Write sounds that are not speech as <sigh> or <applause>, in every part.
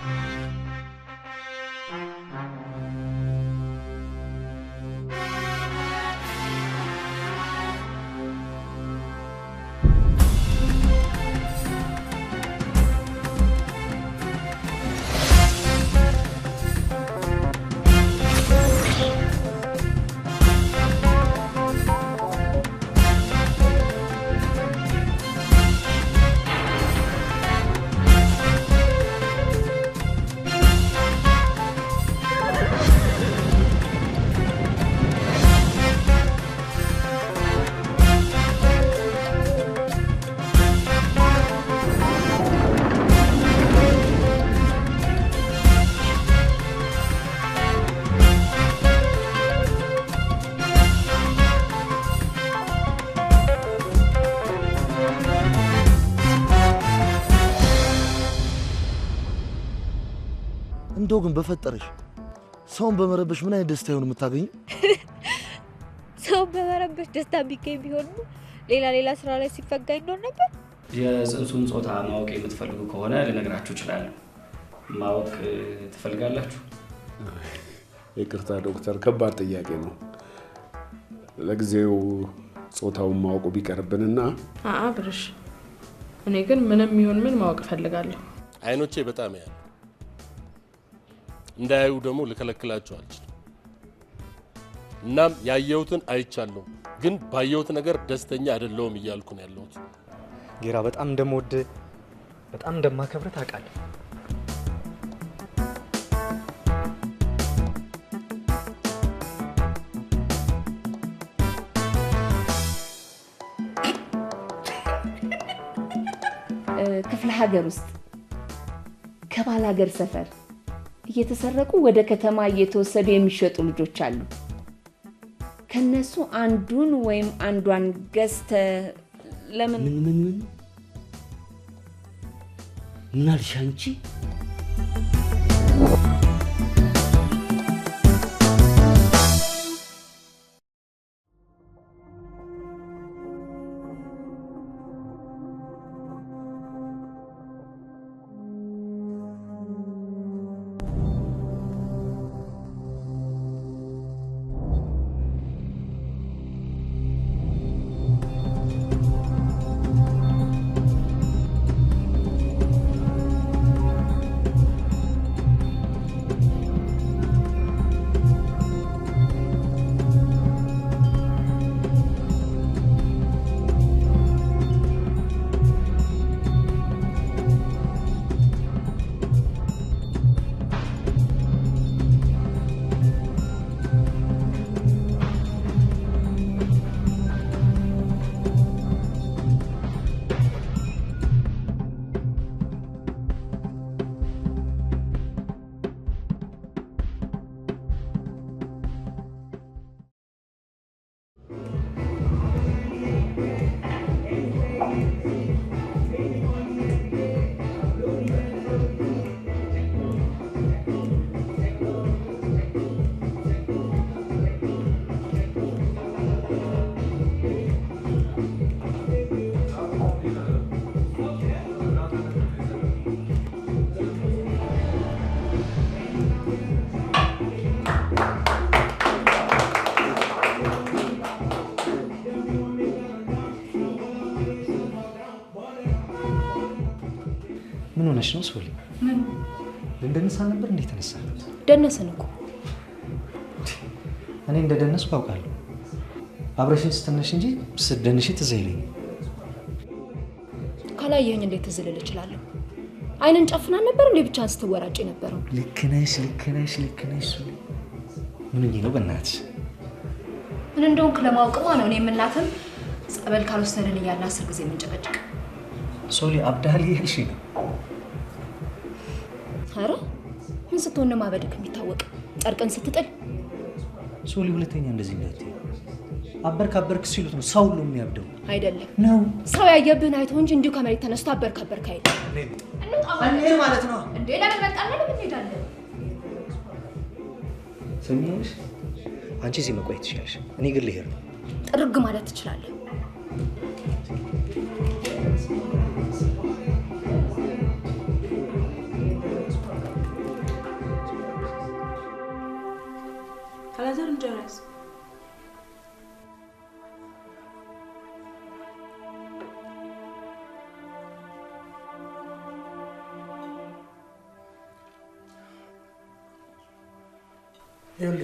Música እንደው ግን በፈጠረሽ ሰውን በመረበሽ ምን አይነት ደስታ ይሆን የምታገኘው? <laughs> ሰውን በመረበሽ ደስታ የሚገኝ ቢሆን ሌላ ሌላ ስራ ላይ ሲፈጋ ይኖር ነበር። የጽንሱን ጾታ ማወቅ የምትፈልጉ ከሆነ ልነግራችሁ እችላለሁ። ማወቅ ትፈልጋላችሁ? ይቅርታ ዶክተር፣ ከባድ ጥያቄ ነው። ለጊዜው ጾታውን ማወቁ ቢቀርብንና አብርሽ፣ እኔ ግን ምንም ይሁን ምን ማወቅ እፈልጋለሁ። አይኖቼ በጣም ያሉ እንዳያዩ ደግሞ ልከለክላቸው አልችልም። እናም ያየሁትን አይቻለሁ፣ ግን ባየሁት ነገር ደስተኛ አይደለሁም እያልኩ ነው ያለሁት። ጌራ በጣም እንደምወድ በጣም እንደማከብር ታውቃለህ። ክፍለ ሀገር ውስጥ ከባል ሀገር ሰፈር እየተሰረቁ ወደ ከተማ እየተወሰዱ የሚሸጡ ልጆች አሉ። ከነሱ አንዱን ወይም አንዷን ገዝተ ለምን ምን አልሽ አንቺ? ሆነች ነው ሶሊ? ምን ልንደንሳ ነበር እንዴ? ተነሳበት። ደነስን እኮ እኔ እንደ ደነስኩ አውቃለሁ። አብረሽን ስትነሽ እንጂ ስደንሽ ትዝ ይለኝ። ካላየኸኝ እንዴት ትዝ ልል እችላለሁ? አይንን ጨፍና ነበር እንዴ? ብቻ ስትወራጭ ነበረው። ልክ ነሽ፣ ልክ ነሽ፣ ልክ ነሽ ሶሊ። ምን ነው በእናትሽ ምን እንደሆንክ ለማወቅማ ነው። እኔ የምናትም ጸበል ካልወሰድን እያልን አስር ጊዜ የምንጨቀጭቅ ሶሊ፣ አብዳሃል እያልሽ ነው አረ ምን ስትሆን ነው ማበድክ የሚታወቅ ጨርቅን ስትጥል ሶሊ፣ ሁለተኛ እንደዚህ እንዳትዪ። አበርክ አበርክ ሲሉት ነው ሰው ሁሉ የሚያብደው። አይደለም ነው ሰው ያየብህን አይተው እንጂ እንዲሁ ከመሬት ተነስቶ አበርክ አበርክ አይደለም። እንዴት ማለት ነው እንዴ? ለምን መጣን? ለምን እንሄዳለን? ሰሚሽ፣ አንቺ እዚህ መቆየት ትችላለሽ። እኔ ግን ልሄድ ነው። ጥርግ ማለት ትችላለህ።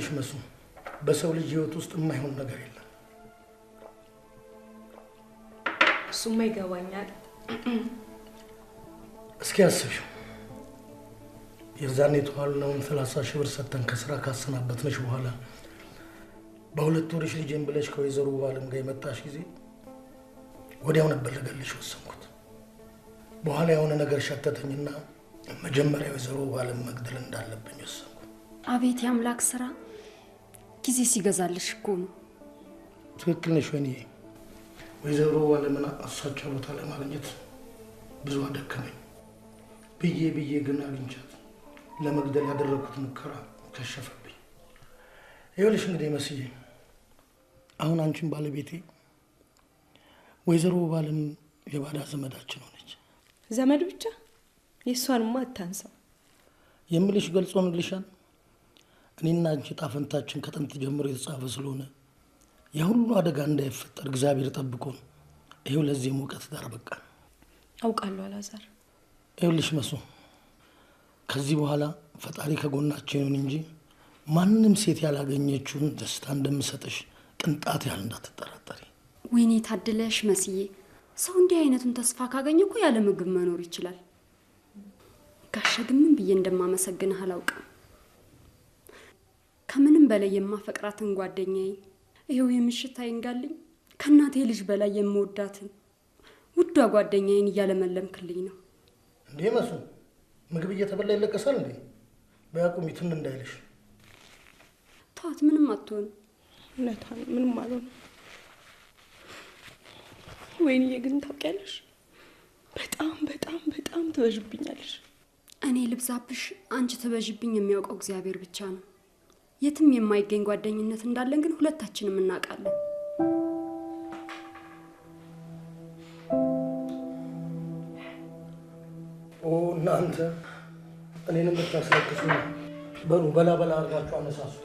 ይኸውልሽ መሱ፣ በሰው ልጅ ህይወት ውስጥ የማይሆን ነገር የለም። እሱማ ይገባኛል። እስኪ አስብሽው፣ የዛኔ የተዋልነውን ሰላሳ ሺህ ብር ሰጥተን ከስራ ካሰናበትንሽ በኋላ በሁለት ወርሽ ልጅን ብለሽ ከወይዘሮ ባለም ጋር የመጣሽ ጊዜ ወዲያው ነበር ልገልሽ ወሰንኩት። በኋላ የሆነ ነገር ሸተተኝና መጀመሪያ ወይዘሮ ባለም መግደል እንዳለብኝ ወሰንኩ። አቤት የአምላክ ስራ! ጊዜ ሲገዛልሽ እኮ ነው። ትክክል ነሽ ወይኔ። ወይዘሮ አለምና አሳቻ ቦታ ለማግኘት ብዙ አደከመኝ ብዬ ብዬ ግን አግኝቻት ለመግደል ያደረግኩት ሙከራ ከሸፈብኝ። ይኸውልሽ እንግዲህ መስዬ፣ አሁን አንቺን ባለቤቴ ወይዘሮ ባለም የባዳ ዘመዳችን ሆነች። ዘመድ ብቻ የእሷንማ አታንሰው። የምልሽ ገልጾ ምልሻል እኔና አንቺ ጣፈንታችን ከጥንት ጀምሮ የተጻፈ ስለሆነ የሁሉ አደጋ እንዳይፈጠር እግዚአብሔር ጠብቆን ይሄው ለዚህ ሙቀት ዳር በቃ አውቃለሁ። አላዛር ይኸውልሽ መሶ ከዚህ በኋላ ፈጣሪ ከጎናችን ይሁን እንጂ ማንም ሴት ያላገኘችውን ደስታ እንደምሰጥሽ ቅንጣት ያህል እንዳትጠራጠሪ። ወይኔ ታድለሽ መስዬ። ሰው እንዲህ አይነቱን ተስፋ ካገኘ እኮ ያለ ምግብ መኖር ይችላል። ጋሸ ምን ብዬ እንደማመሰግንህ አላውቅም። ከምንም በላይ የማፈቅራትን ጓደኛ ይኸው የምሽት አይንጋልኝ ከእናቴ ልጅ በላይ የምወዳትን ውዷ ጓደኛዬን እያለመለምክልኝ ነው እንዴ? መሱ ምግብ እየተበላ ይለቀሳል እንዴ? በያቁም ትን እንዳይልሽ ተዋት፣ ምንም አትሆን። እውነቷ ምንም አልሆነ። ወይንዬ ግን ታውቂያለሽ፣ በጣም በጣም በጣም ትበዥብኛለሽ። እኔ ልብዛብሽ፣ አንቺ ትበዥብኝ የሚያውቀው እግዚአብሔር ብቻ ነው። የትም የማይገኝ ጓደኝነት እንዳለን ግን ሁለታችንም እናውቃለን። እናንተ እኔንም ብታስለቅሱ በሉ በላ በላ አድርጋችሁ አነሳሱ።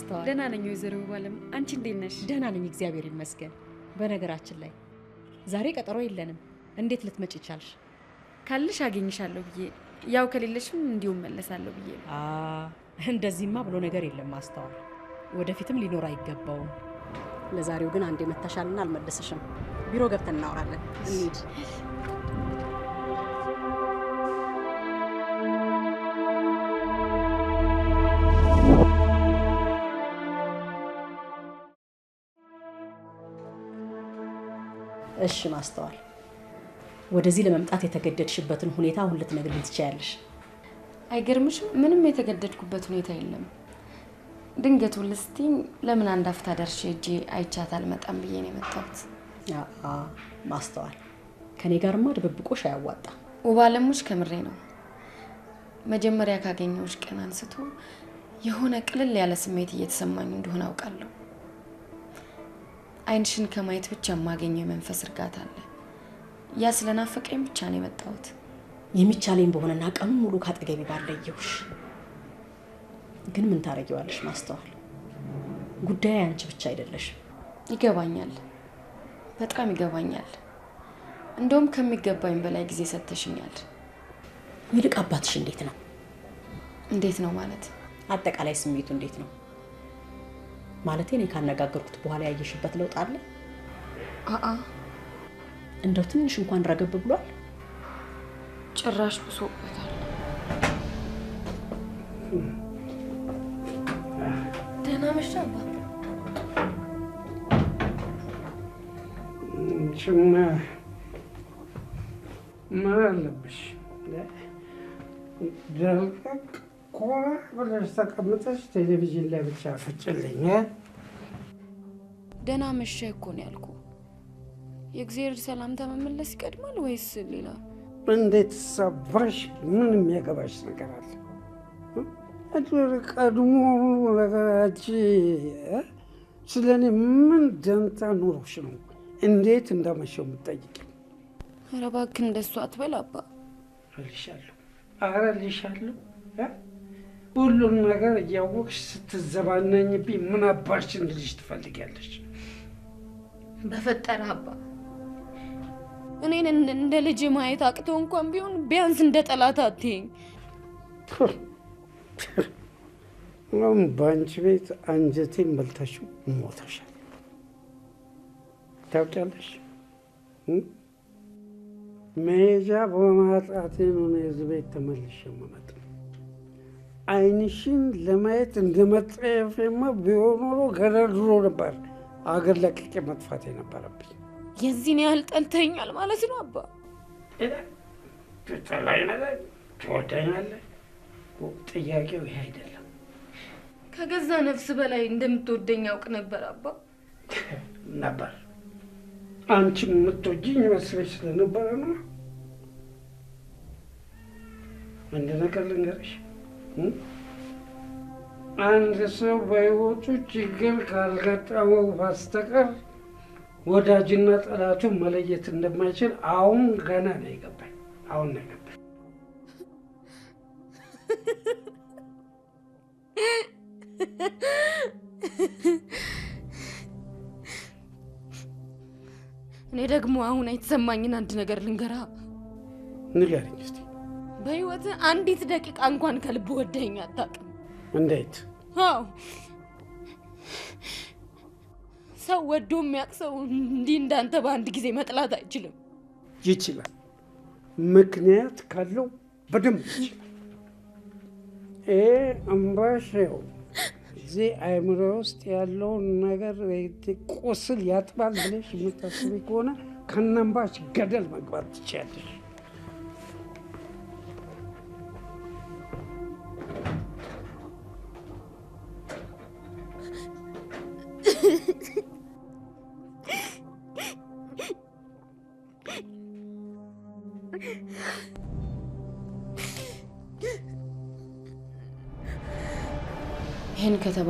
አስተዋል። ደህና ነኝ ወይዘሮ ባለም፣ አንቺ እንዴት ነሽ? ደህና ነኝ እግዚአብሔር ይመስገን። በነገራችን ላይ ዛሬ ቀጠሮ የለንም። እንዴት ልትመጪ ይቻልሽ? ካልሽ አገኝሻለሁ ብዬ ያው ከሌለሽም እንዲሁም መለሳለሁ ብዬ። እንደዚህማ ብሎ ነገር የለም አስተዋል፣ ወደፊትም ሊኖር አይገባውም። ለዛሬው ግን አንዴ መታሻልና አልመለሰሽም ቢሮ ገብተን እናወራለን። እንሂድ እሺ ማስተዋል፣ ወደዚህ ለመምጣት የተገደድሽበትን ሁኔታ አሁን ልትነግሪኝ ትችያለሽ። አይገርምሽም? ምንም የተገደድኩበት ሁኔታ የለም። ድንገት ልስትኝ ለምን አንድ አፍታ ደርሼ እጄ አይቻት አልመጣም ብዬ ነው የመጣሁት። ማስተዋል፣ ከኔ ጋርማ ድብብቆሽ አያዋጣም። ውብ አለሙሽ፣ ከምሬ ነው። መጀመሪያ ካገኘሁሽ ቀን አንስቶ የሆነ ቅልል ያለ ስሜት እየተሰማኝ እንደሆነ አውቃለሁ። አይንሽን ከማየት ብቻ የማገኘው የመንፈስ እርጋታ አለ። ያ ስለናፈቀኝ ብቻ ነው የመጣሁት። የሚቻለኝ በሆነና ቀኑ ሙሉ ካጠገቢ ባለየሁሽ። ግን ምን ታደርጊዋለሽ ማስተዋል፣ ጉዳይ አንቺ ብቻ አይደለሽም። ይገባኛል፣ በጣም ይገባኛል። እንደውም ከሚገባኝ በላይ ጊዜ ሰጥተሽኛል። ይልቅ አባትሽ እንዴት ነው? እንዴት ነው ማለት አጠቃላይ ስሜቱ እንዴት ነው? ማለት እኔ ካነጋገርኩት በኋላ ያየሽበት ለውጥ አለ? አአ እንደው ትንሽ እንኳን ረገብ ብሏል? ጭራሽ ብሶበታል። ደህና መሻ አባ። ምን አለብሽ? ደልቀቅ ከሆነ ብለሽ ተቀምጠሽ ቴሌቪዥን ላይ ብቻ ፍጭልኝ። ደህና መሸህ እኮ ነው ያልኩ። የእግዚአብሔር ሰላምታ መመለስ ይቀድማል ወይስ ሌላ? እንዴት ሰባሽ? ምንም ያገባሽ ነገር አለ? ቀድሞ ነገራች ስለ እኔ ምን ደንታ ኖሮሽ ነው እንዴት እንዳመሸው የምጠይቅ? ኧረ እባክህ እንደሱ አትበል አባ። እልሻለሁ፣ ኧረ ሁሉም ነገር እያወቅሽ ስትዘባነኝብኝ ምን አባሽን ልጅ ትፈልጊያለሽ? በፈጠረ አባ እኔን እንደ ልጅ ማየት አቅቶ እንኳን ቢሆን ቢያንስ እንደ ጠላት አትይኝ። አሁን በአንቺ ቤት አንጀቴን በልተሽው ሞተሻል። ታውቂያለሽ፣ መሄጃ በማጣቴ ነው የዚህ ቤት ተመልሼ መመጣ አይንሽን ለማየት እንደ መጸየፌማ ቢሆን ኖሮ ገረድሮ ነበር አገር ለቅቄ መጥፋት የነበረብኝ። የዚህን ያህል ጠልተኛል ማለት ነው አባ? ትጠላኛለህ፣ ትወዳኛለህ። ጥያቄው ይህ አይደለም። ከገዛ ነፍስ በላይ እንደምትወደኝ አውቅ ነበር አባ። ነበር አንቺ የምትወጂኝ መስለሽ ስለነበረ ነው። አንድ ነገር ልንገርሽ አንድ ሰው በሕይወቱ ችግር ካልገጠመው በስተቀር ወዳጅና ጠላቱ መለየት እንደማይችል አሁን ገና ነው የገባኝ። አሁን ነው የገባኝ። እኔ ደግሞ አሁን የተሰማኝን አንድ ነገር ልንገራ። እስኪ። በህይወት አንዲት ደቂቃ እንኳን ከልብ ወደኝ አታውቅም። እንዴት? አዎ ሰው ወዶ የሚያውቅ ሰው እንዲህ እንዳንተ በአንድ ጊዜ መጥላት አይችልም። ይችላል። ምክንያት ካለው በደንብ ይችላል። ይሄ እምባሽ እዚህ አእምሮ ውስጥ ያለውን ነገር ቁስል ያጥባል ብለሽ የምታስቢ ከሆነ ከነምባሽ ገደል መግባት ትችያለሽ።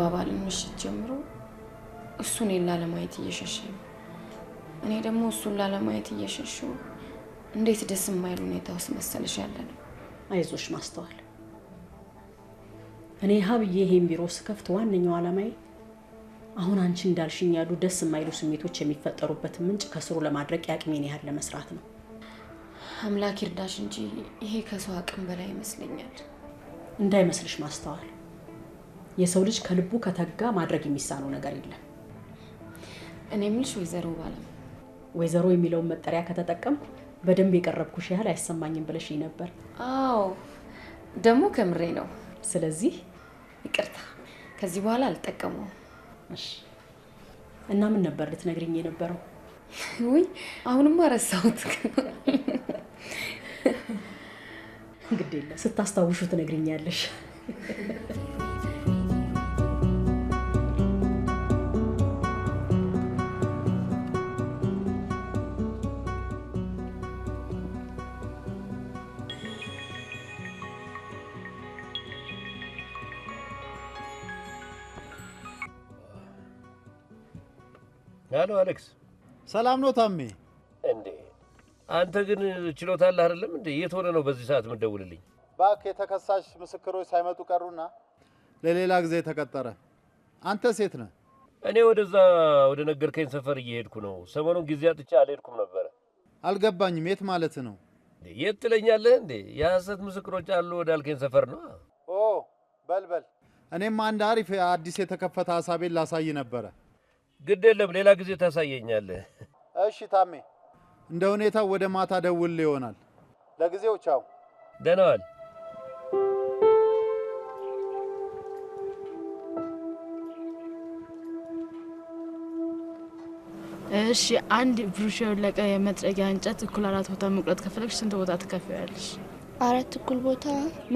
ከተባባልን ምሽት ጀምሮ እሱ እኔን ላለማየት እየሸሸ ነው። እኔ ደግሞ እሱን ላለማየት እየሸሹ እንዴት ደስ የማይል ሁኔታ ውስጥ መሰለሽ ያለ ነው። አይዞሽ ማስተዋል፣ እኔ ሀብዬ ይሄን ቢሮ ስከፍት ዋነኛው ዓላማዬ አሁን አንቺ እንዳልሽኝ ያሉ ደስ የማይሉ ስሜቶች የሚፈጠሩበትን ምንጭ ከስሩ ለማድረግ የአቅሜን ያህል ለመስራት ነው። አምላክ ይርዳሽ እንጂ ይሄ ከሰው አቅም በላይ ይመስለኛል። እንዳይመስልሽ ማስተዋል የሰው ልጅ ከልቡ ከተጋ ማድረግ የሚሳነው ነገር የለም። እኔ የምልሽ ወይዘሮ ባለም ወይዘሮ የሚለውን መጠሪያ ከተጠቀምኩ በደንብ የቀረብኩሽ ያህል አይሰማኝም ብለሽ ነበር። አዎ ደግሞ ከምሬ ነው። ስለዚህ ይቅርታ ከዚህ በኋላ አልጠቀመውም። እና ምን ነበር ልትነግሪኝ የነበረው? ውይ አሁንማ ረሳሁት። ግድ የለም ስታስታውሹ ትነግሪኛለሽ። አሎ አሌክስ፣ ሰላም ነው ታሜ? እንዴ አንተ ግን ችሎታ አለህ አይደለም እንዴ? የት ሆነ ነው በዚህ ሰዓት የምደውልልኝ። ባክ የተከሳሽ ምስክሮች ሳይመጡ ቀሩና ለሌላ ጊዜ ተቀጠረ። አንተ ሴት ነህ። እኔ ወደዛ ወደ ነገርከኝ ሰፈር እየሄድኩ ነው። ሰሞኑን ጊዜ አጥቼ አልሄድኩም ነበረ። አልገባኝም። የት ማለት ነው? የት ትለኛለህ እንዴ? የሐሰት ምስክሮች አሉ ወዳልከኝ ሰፈር ነው። ኦ በልበል። እኔም አንድ አሪፍ አዲስ የተከፈተ ሀሳቤን ላሳይ ነበረ ግድ የለም ሌላ ጊዜ ታሳየኛለህ። እሺ ታሜ፣ እንደ ሁኔታው ወደ ማታ ደውል ይሆናል። ለጊዜው ቻው፣ ደህና ዋል። እሺ አንድ ብሩሽ የወለቀ የመጥረጊያ እንጨት እኩል አራት ቦታ መቁረጥ ከፈለግሽ ስንት ቦታ ትከፍያለሽ? አራት እኩል ቦታ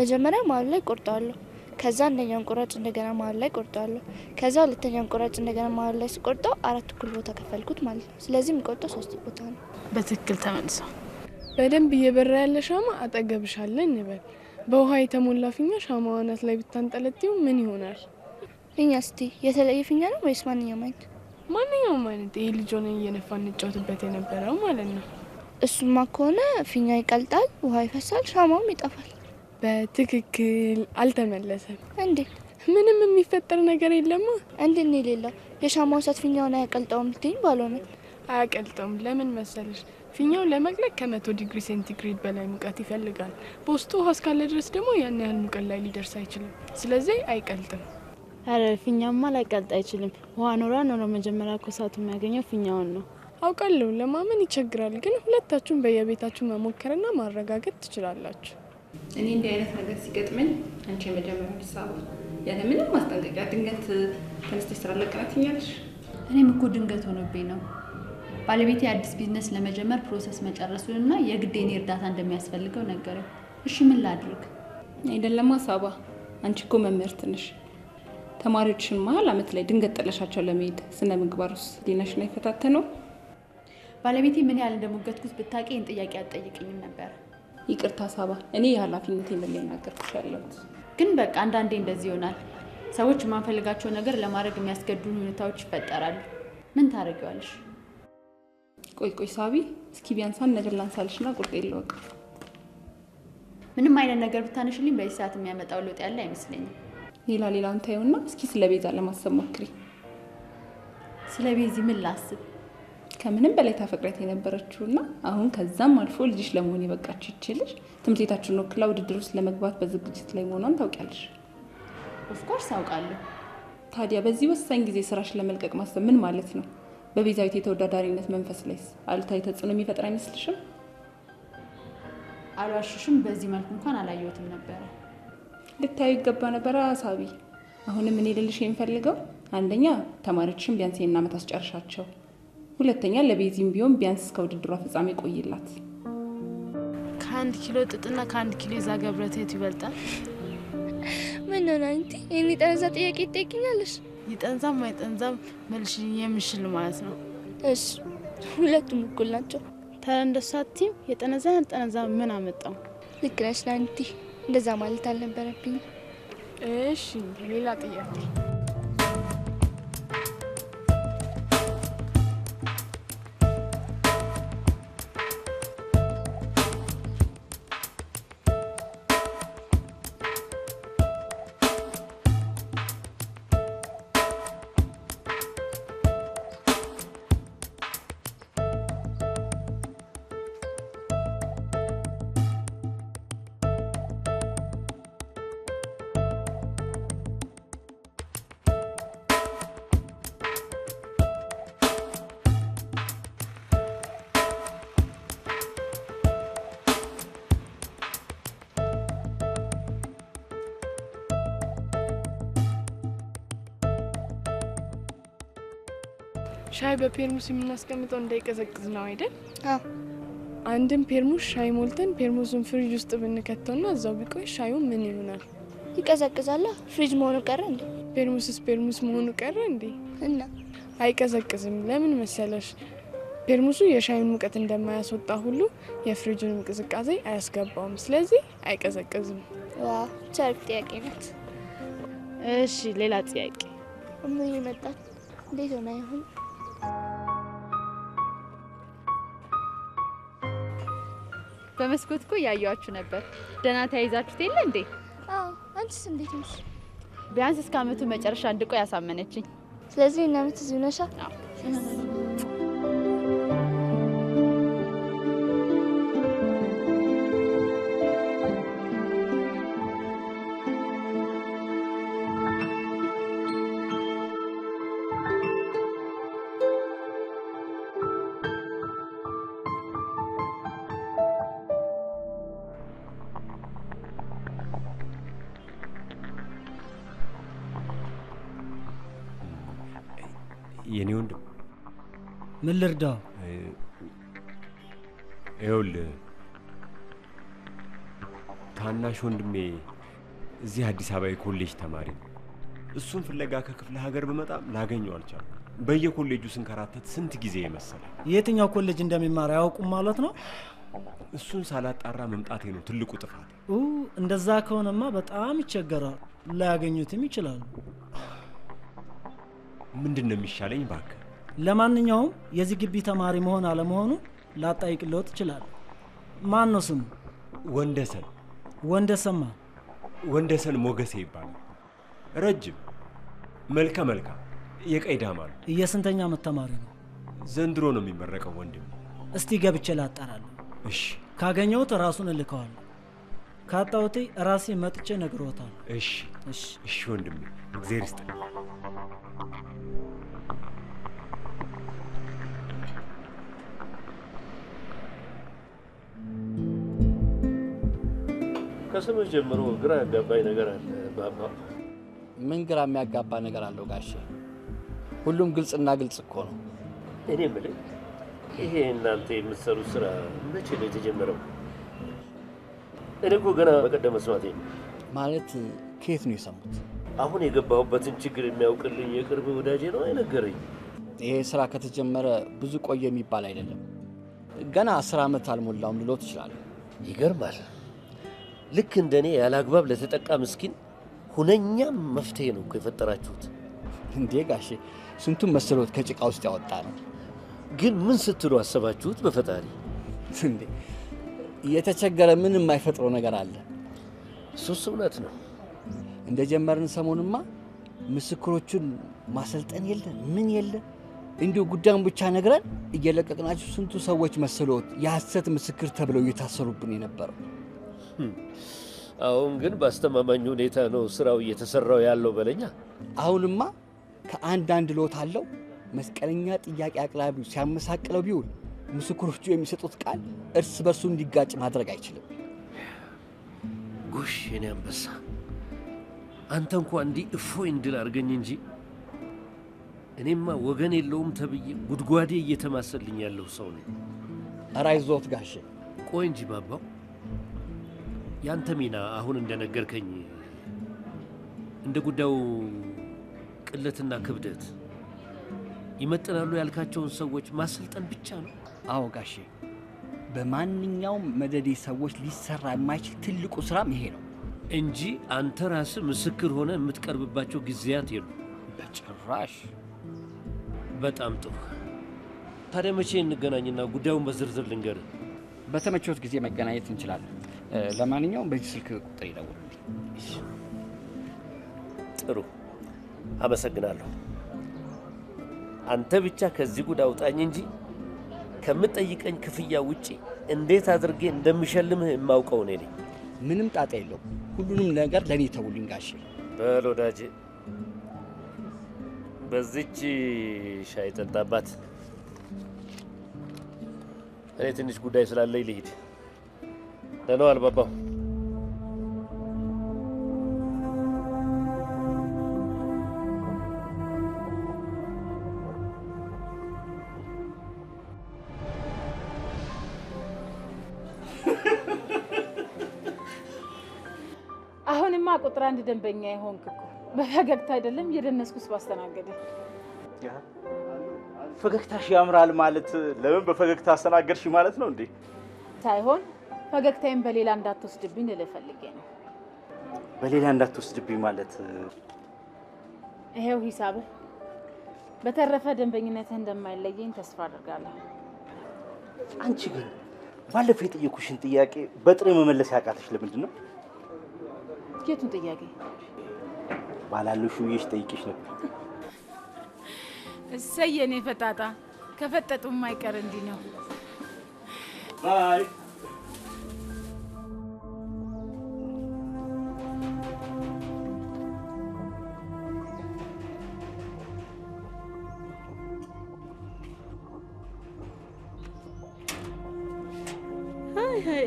መጀመሪያ መሀል ላይ ቆርጠዋለሁ። ከዛ አንደኛውን ቁራጭ እንደገና መሀል ላይ ቆርጠዋለሁ። ከዛ ሁለተኛውን ቁራጭ እንደገና መሀል ላይ ስቆርጠው አራት እኩል ቦታ ከፈልኩት ማለት ነው። ስለዚህ የሚቆርጠው ሶስት ቦታ ነው። በትክክል ተመልሰው በደንብ እየበራ ያለ ሻማ አጠገብሻለ እንበል። በውሃ የተሞላ ፊኛ ሻማ አናት ላይ ብታንጠለጥዩ ምን ይሆናል? ፊኛ እስቲ የተለየ ፊኛ ነው ወይስ ማንኛውም አይነት? ማንኛውም አይነት ይህ ልጅ ሆነ እየነፋ እንጫወትበት የነበረው ማለት ነው። እሱማ ከሆነ ፊኛ ይቀልጣል፣ ውሃ ይፈሳል፣ ሻማውም ይጠፋል። በትክክል አልተመለሰም። እንዴ ምንም የሚፈጠር ነገር የለማ። እንድን የሌለው የሻማው ሰት ፊኛውን አያቀልጠውም ልትይኝ ባልሆነ አያቀልጠውም። ለምን መሰለሽ ፊኛውን ለመቅለቅ ከመቶ ዲግሪ ሴንቲግሬድ በላይ ሙቀት ይፈልጋል። በውስጡ ውሃ እስካለ ድረስ ደግሞ ያን ያህል ሙቀት ላይ ሊደርስ አይችልም። ስለዚህ አይቀልጥም። አረ ፊኛማ ላይቀልጥ አይችልም። ውሃ ኖራ ኖሮ መጀመሪያ እኮ የሚያገኘው ፊኛውን ነው። አውቃለሁ፣ ለማመን ይቸግራል። ግን ሁለታችሁም በየቤታችሁ መሞከርና ማረጋገጥ ትችላላችሁ። እኔ እንዲህ አይነት ነገር ሲገጥመኝ አንቺ የመጀመሪያ ሀሳብ ምንም ማስጠንቀቂያ ድንገት ተነስተሽ ስራ ለቀናት ትኛለሽ። እኔም እኮ ድንገት ሆኖብኝ ነው። ባለቤቴ አዲስ ቢዝነስ ለመጀመር ፕሮሰስ መጨረሱን እና የግዴኔ እርዳታ እንደሚያስፈልገው ነገረው። እሺ ምን ላድርግ? አይደለማ ሳባ፣ አንቺ እኮ መምህርት ነሽ። ተማሪዎችን መሀል አመት ላይ ድንገት ጥለሻቸው ለመሄድ ስነ ምግባር ውስጥ ሊነሽ ሊነሽን አይፈታተነው? ባለቤቴ ምን ያህል እንደሞገትኩት ብታውቂ ይህን ጥያቄ አትጠይቅኝም ነበር። ይቅርታ ሳባ፣ እኔ የኃላፊነቴን ነው እየናገርኩሽ ያለሁት። ግን በቃ አንዳንዴ እንደዚህ ይሆናል። ሰዎች የማንፈልጋቸው ነገር ለማድረግ የሚያስገዱን ሁኔታዎች ይፈጠራሉ። ምን ታደርጊዋለሽ? ቆይ ቆይ ሳቢ፣ እስኪ ቢያንሳን ነገር ላንሳልሽ እና ቁርጥ የለወቅ ምንም አይነት ነገር ብታነሽልኝ በዚህ ሰዓት የሚያመጣው ለውጥ ያለ አይመስለኝም። ሌላ ሌላ እንታየውና እስኪ ስለ ቤዛ ለማሰብ ሞክሪ። ስለ ቤዚ ምን ላስብ? ከምንም በላይ የነበረችው የነበረችውና አሁን ከዛም አልፎ ልጅሽ ለመሆን የበቃች ይችልሽ ትምህርት ቤታችን ወክላ ውድድር ውስጥ ለመግባት በዝግጅት ላይ መሆኗን ታውቂያለሽ? ኦፍኮርስ አውቃለሁ። ታዲያ በዚህ ወሳኝ ጊዜ ስራሽ ለመልቀቅ ማሰብ ምን ማለት ነው? በቤዛዊት የተወዳዳሪነት መንፈስ ላይስ አሉታዊ ተጽዕኖ የሚፈጥር አይመስልሽም? አልዋሽሽም፣ በዚህ መልኩ እንኳን አላየሁትም ነበረ። ልታዩ ይገባ ነበረ አሳቢ። አሁንም እኔ ልልሽ የምፈልገው አንደኛ ተማሪዎችሽም ቢያንስ ይህን ዓመት አስጨርሻቸው ሁለተኛ ለቤዚም ቢሆን ቢያንስ እስከ ውድድሯ ፍጻሜ ቆይላት። ከአንድ ኪሎ ጥጥና ከአንድ ኪሎ ይዛ ገብረትት ይበልጣል? ምን ሆነ አንቲ? ይህን ጥያቄ ይጠይቅኛለሽ? ይጠንዛም አይጠንዛም መልሽ የምሽል ማለት ነው። እሺ ሁለቱም እኩል ናቸው። ታዲያ እንደሷ ቲም የጠነዛ ጠነዛ ምን አመጣው? ልክ ነሽ እንደዛ ማለት አልነበረብኝ። እሺ ሌላ ጥያቄ ሻይ በፔርሙስ የምናስቀምጠው እንዳይቀዘቅዝ ነው አይደል? አንድም ፔርሙስ ሻይ ሞልተን ፔርሙሱን ፍሪጅ ውስጥ ብንከተው ና እዛው ቢቆይ ሻዩ ምን ይሆናል? ይቀዘቅዛል ፍሪጅ መሆኑ ቀረ እንዴ? ፔርሙስስ ፔርሙስ መሆኑ ቀረ እንዴ? እና አይቀዘቅዝም። ለምን መሰለሽ? ፔርሙሱ የሻዩን ሙቀት እንደማያስወጣ ሁሉ የፍሪጁንም ቅዝቃዜ አያስገባውም። ስለዚህ አይቀዘቅዝም። ዋ ጥያቄ ናት። እሺ ሌላ ጥያቄ ምን ይመጣል? እንዴት ሆነ ይሁን በመስኮት እኮ እያየኋችሁ ነበር። ደህና ተያይዛችሁት የለ እንዴ? አዎ። አንቺስ እንዴት ነሽ? ቢያንስ እስከ አመቱ መጨረሻ እንድቆይ ያሳመነችኝ። ስለዚህ እና ምትዝ አዎ የኔ ወንድም ምን ልርዳ? ታናሽ ወንድሜ እዚህ አዲስ አበባ የኮሌጅ ተማሪ ነው። እሱን ፍለጋ ከክፍለ ሀገር በመጣም ላገኘው አልቻሉ በየኮሌጁ ስንከራተት ስንት ጊዜ የመሰለ የትኛው ኮሌጅ እንደሚማር አያውቁም ማለት ነው። እሱን ሳላጣራ መምጣቴ ነው ትልቁ ጥፋት። እንደዛ ከሆነማ በጣም ይቸገራል፣ ላያገኙትም ይችላሉ። ምንድን ነው የሚሻለኝ? እባክህ ለማንኛውም የዚህ ግቢ ተማሪ መሆን አለመሆኑ ላጣይቅለው ይችላል። ማን ነው ስሙ? ወንደሰን። ወንደሰማ? ወንደሰን ሞገሴ ይባላል። ረጅም፣ መልከ መልካ የቀይ ነው። የስንተኛ ዓመት ተማሪ ነው? ዘንድሮ ነው የሚመረቀው ወንድም። እስቲ ገብቼ ላጠራለሁ። እሺ። ካገኘሁት ራሱን እልከዋለሁ። ካጣሁት ራሴ መጥቼ ነግሮታል። እሺ፣ እሺ፣ እሺ እሺ እሺ እግዜር ይስጥልኝ። ከስምህ ጀምሮ ግራ ያጋባኝ ነገር አለ ባባ። ምን ግራ የሚያጋባ ነገር አለው ጋሼ? ሁሉም ግልጽና ግልጽ እኮ ነው። እኔ የምልህ ይሄ እናንተ የምትሰሩት ስራ መቼ ነው የተጀመረው? እኔ እኮ ገና በቀደም መስማቴ ማለት ከየት ነው የሰሙት? አሁን የገባሁበትን ችግር የሚያውቅልኝ የቅርብ ወዳጄ ነው አይነገረኝ። ይሄ ስራ ከተጀመረ ብዙ ቆየ የሚባል አይደለም። ገና አስር ዓመት አልሞላውም ልሎ ትችላለህ። ይገርማል። ልክ እንደ እኔ ያለአግባብ ለተጠቃ ምስኪን ሁነኛም መፍትሄ ነው እኮ የፈጠራችሁት። እንዴ ጋሼ ስንቱን መስሎት ከጭቃ ውስጥ ያወጣ ነው። ግን ምን ስትሉ አሰባችሁት? በፈጣሪ እንዴ የተቸገረ ምን የማይፈጥረው ነገር አለ? እሱስ እውነት ነው። እንደ ጀመርን ሰሞንማ ምስክሮቹን ማሰልጠን የለ ምን የለ እንዲሁ ጉዳዩን ብቻ ነግረን እየለቀቅናችሁ ስንቱ ሰዎች መስሎት የሐሰት ምስክር ተብለው እየታሰሩብን የነበረው <laughs> አሁን ግን በአስተማማኝ ሁኔታ ነው ስራው እየተሰራው ያለው በለኛ። አሁንማ ከአንዳንድ ሎት አለው መስቀለኛ ጥያቄ አቅራቢው ሲያመሳቅለው ቢውል ምስክሮቹ የሚሰጡት ቃል እርስ በርሱ እንዲጋጭ ማድረግ አይችልም። ጎሽ የኔ አንበሳ፣ አንተ እንኳ እንዲህ እፎይ እንድል አድርገኝ እንጂ እኔማ ወገን የለውም ተብዬ ጉድጓዴ እየተማሰልኝ ያለው ሰው ነኝ። ኧረ አይዞት ቆይ እንጂ ባባው ያንተ ሚና አሁን እንደነገርከኝ እንደ ጉዳዩ ቅለትና ክብደት ይመጥናሉ ያልካቸውን ሰዎች ማሰልጠን ብቻ ነው። አዎ ጋሼ፣ በማንኛውም መደዴ ሰዎች ሊሰራ የማይችል ትልቁ ስራም ይሄ ነው እንጂ አንተ ራስ ምስክር ሆነ የምትቀርብባቸው ጊዜያት የሉ። በጭራሽ። በጣም ጥሩ። ታዲያ መቼ እንገናኝና ጉዳዩን በዝርዝር ልንገር። በተመቾት ጊዜ መገናኘት እንችላለን። ለማንኛውም በዚህ ስልክ ቁጥር ይደውሉልኝ። ጥሩ አመሰግናለሁ። አንተ ብቻ ከዚህ ጉድ አውጣኝ እንጂ ከምጠይቀኝ ክፍያ ውጪ እንዴት አድርጌ እንደምሸልምህ የማውቀው እኔ ነኝ። ምንም ጣጣ የለው። ሁሉንም ነገር ለእኔ ተውልኝ ጋሽ። በል ወዳጅ፣ በዚች ሻይ ጠጣባት። እኔ ትንሽ ጉዳይ ስላለኝ ልሂድ። తెలవాలి బాబా አሁንማ ቁጥር አንድ ደንበኛ የሆንክ እኮ በፈገግታ አይደለም የደነስኩስ ባስተናገደ ፈገግታሽ ያምራል ማለት ለምን በፈገግታ አስተናገድሽ ማለት ነው እንዴ? ሳይሆን ፈገግታዬን በሌላ እንዳትወስድብኝ ልልህ ፈልጌ ነው። በሌላ እንዳትወስድብኝ ማለት ይሄው ሂሳብህ። በተረፈ ደንበኝነትህ እንደማይለየኝ ተስፋ አድርጋለሁ። አንቺ ግን ባለፈው የጠየኩሽን ጥያቄ በጥሬ መመለስ ያቃተሽ ለምንድን ነው? የቱን ጥያቄ? ባላሉሽ ውዬሽ ጠይቄሽ ነበር። <laughs> እሰየኔ ፈጣጣ፣ ከፈጠጡ የማይቀር እንዲህ ነው ባይ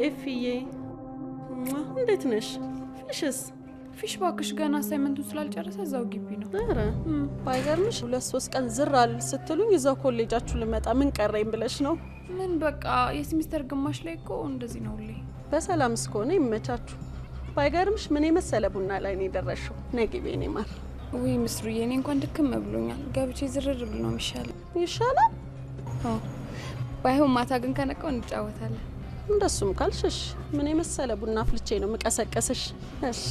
ኤፍዬ እንዴት ነሽ? ፊሽስ ፊሽ ባክሽ ገና አሳይመንቱን ስላልጨረሰ እዛው ግቢ ነው። ኧረ ባይገርምሽ ሁለት ሶስት ቀን ዝር አል ስትሉኝ እዛው ኮሌጃችሁ ልመጣ ምን ቀረኝ ብለሽ ነው። ምን በቃ የሴሚስተር ግማሽ ላይ እኮ እንደዚህ ነው ሁሌ። በሰላም እስከሆነ ይመቻችሁ። ባይገርምሽ ምን የመሰለ ቡና ላይ ነው የደረሽው። ነጊ ቤኔ ማር ውይ ምስሩዬ፣ እኔ እንኳን ድክም ብሎኛል። ገብቼ ዝርር ብሎ ነው የሚሻለው። ይሻላል። ባይሆን ማታ ግን ከነቀው እንጫወታለን። እንደሱም ካልሽሽ ምን የመሰለ ቡና አፍልቼ ነው የምቀሰቀስሽ። እሺ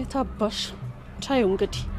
የታባሽ ቻዩ እንግዲህ